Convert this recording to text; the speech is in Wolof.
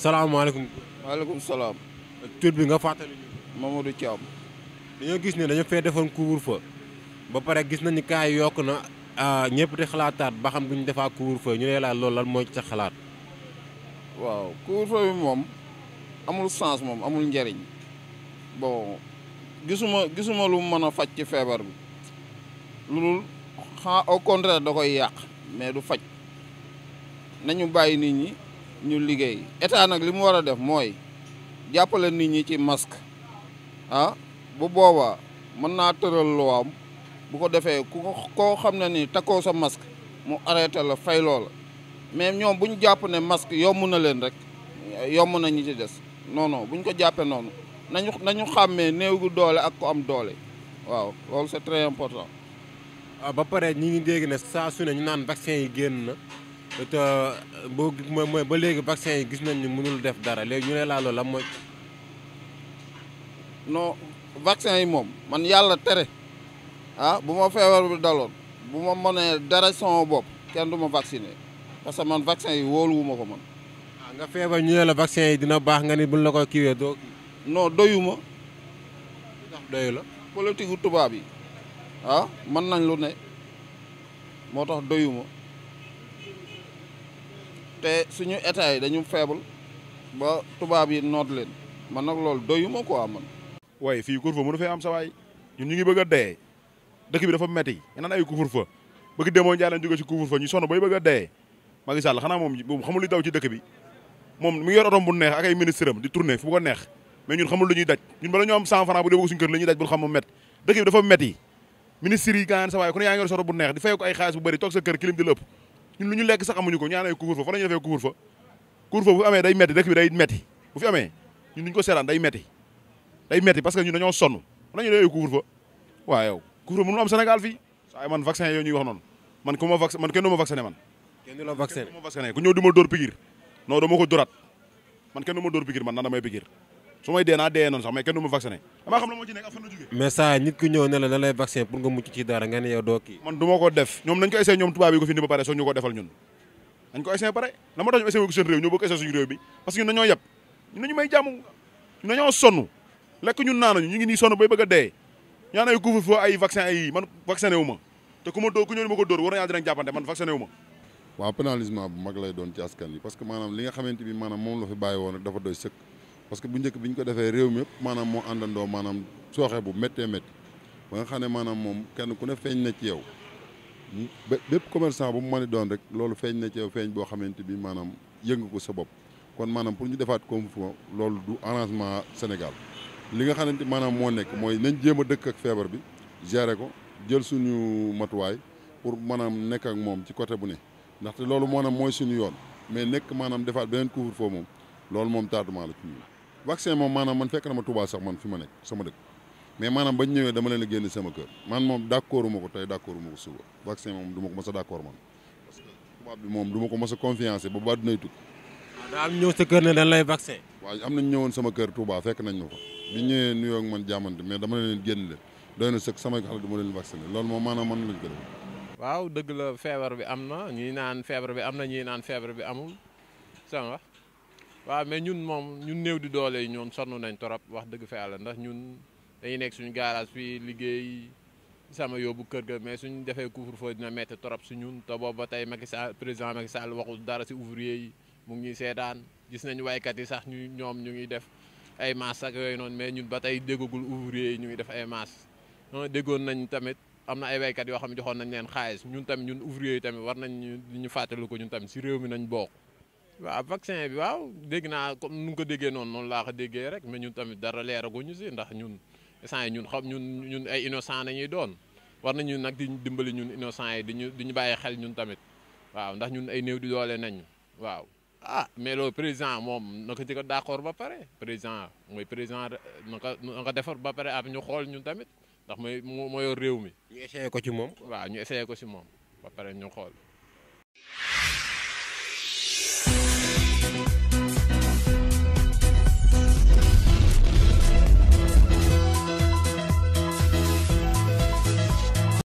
salaamaaleykum. maaleykum salaam. tur bi nga fàttali ñu. Mamadou Thiam. dañoo gis ne dañoo fee defoon couvre-feu ba pare gis nañu kaa yi yokk na ah, ñëpp di xalaataat ba xam ñu defaa couvre-feu ñu lay laaj loolu lan mooy ca xalaat. waaw couvre-feu bi moom amul sens moom amul njariñ bon gisuma gisuma lu mën a faj ci feebar bi loolu xanaa au contraire da koy yàq mais du faj nañu bàyyi nit ñi. ñu liggéey état nag li mu war a def mooy jàppale nit ñi ci masque ah bu boobaa mën naa tëral luwaam bu ko defee ku koo xam ne ni takkoo sa masque mu arrêté la fay lool mais ñoom bu ñu jàpp ne masque yomb na leen rek yomb na ñu ci des noonoo non bu ñu ko jàppee noonu nañu nañu xàmmee néew doole ak ko am doole waaw loolu c'est très important. Ah, ba pare ñi ngi dégg ne saa su ne ñu naan vaccin yi génn na. te boo mooy ba léegi vaccin yi gis nañ ni mënul def dara léegi ñu ne laa loolu la mooy. no vaccin yi moom man yàlla tere ah bu ma feebar bi daloon bu ma mënee dara sama bopp kenn du ma vacciné parce que man vaccin yi wóoluwuma ko man. ah nga feebar ñu ne la vaccin yi dina baax nga ni bu la ko kiiwee doo. non doyuma. ndax doyu la. politique gu tubaab yi ah mën nañ lu ne moo tax doyuma. te suñu état yi dañu faible ba tubaab yi noot leen man nag loolu doyuma quoi man. waaye fii couvre-feu mënu fee am sa ñun ñu ngi bëgg a dee dëkk bi dafa metti yi naan ay couvre-feu bëgg demoo Ndiaye lañ jógee ci ñu sonn a dee Macky Sall bu neex ak ay ministre bu dee bëgg suñu kër la sa yaa ngi yor sa bu neex di fay ko ay xaalis bu bëri toog sa kër kilim di lëpp ñun lu ñu lekk sax amuñu ko ñaan ay couvre-feu fa la ñuy defee couvre-feu couvre-feu bu amee day metti dëkk bi day metti bu fi amee ñun duñ ko seetaan day metti day metti parce que ñun dañoo sonn fa la ñuy defee couvre-feu waaw yow couvre-feu mënul am Sénégal fii waaye man vaccin yooyu ñuy wax noonu man ku ma vac kenn du ma vacciné man kenn du la vacciné ku ñëw du ma dóor pigir non dama ko dóoraat man kenn du ma dóor pigir man nan damay pigir su may dee naa dee noonu sax mais kenn du ma vacciné damaa xam la man du ma ko def ñoom nañ ko essayé ñoom tubaab ko defal ñun dañ ko essayé ñun dañoo yeb ñun nañu sonn lekk ñun naanuñu ñu ngi nii sonn bay bëgg a dee ñaan ay couvre-feu ay vaccin ay man vacciné wu te ku ma ku ñëw ma ko dóor war nañaa dinañ jàppante man vacciné wu ma waaw bu mag lay doon ci askan yi parce que maanaam li nga xamante bi maanaam moom la fi bàyyi woon dafa parce que bu njëkk bi ñu ko defee réew mi yëpp maanaam moo àndandoo maanaam sooxee bu méttee métti ba nga xam ne maanaam moom kenn ku ne feeñ na ci yow bépp commerçant bu mu mën doon rek loolu feeñ na ci yow feeñ boo xamante bi maanaam yëngu ko sa bopp kon maanaam pour ñu defaat comme fo loolu du arrangement Sénégal li nga xamante maanaam moo nekk mooy nañ jéem a dëkk ak feebar bi gérer ko jël suñu matuwaay pour maanaam nekk ak moom ci côté bu ne ndaxte loolu maanaam mooy suñu yoon mais nekk maanaam defaat beneen couvre-feu moom la vaccin moom maanaam man fekk na ma Touba sax man fi ma nekk sama dëkk mais maanaam ba ñëwee dama leen a génn sama kër man moom d' accord uma ko tey d' accord uma ko suba vaccin moom du ko mos a d' man parce que tubaab bi moom du ma ko mos a confiancé ba ba dinay tukki. waaw ah, daa am ñëw sa kër ne dañ lay vaccin. waaw am nañ ñëwoon sama kër Touba fekk nañ ma fa bi ñëwee nuyoo ak man jàmmante mais dama leen génn leen doy na sëkk samay xale du ma leen vacciné loolu moom maanaam man lañ ko def. la feebar bi am na ñuy naan feebar bi am na ñuy naan feebar bi amul sama waaw mais ñun moom ñun néew di doole yi ñoom sonn nañ torop wax dëgg fa yàlla ndax ñun dañuy nekk suñu garage fii liggéey sama yóbbu kër ga mais suñu defee couvre-feu dina metti torop si ñun te ba tey Macky Sall président Macky Sall waxul dara si ouvrier yi mu ngi ñuy seetaan gis nañu waykat yi sax ñu ñoom ñu ngi def ay masse ak yooyu noonu mais ñun ba tey déggagul ouvrier yi ñu ngi def ay masse déggoon nañ tamit am na ay waykat yoo xam ne joxoon nañ leen xaalis ñun tamit ñun ouvrier yi tamit war nañ ñu fàttaliku ñun tamit si réew mi nañ bokk waaw vaccin bi waaw dégg naa comme nu nga ko déggee noonu noonu laa ko déggee rek mais ñun tamit dara ñu si ndax ñun instant yi ñun xam ñun ñun ay innocent nañuy doon war nañu nag di dimbali ñun innocent yi di ñu di bàyyi xel ñun tamit waaw ndax ñun ay néew di doole nañu waaw. ah mais loolu président moom na ko ci ko d'accord ba pare président mooy président na ko ko defar ba pare ab ñu xool ñun tamit ndax mooy moo yor réew mi. ñu essayé ko ci moom. waaw ñu essayé ko ci moom ba pare ñu xool.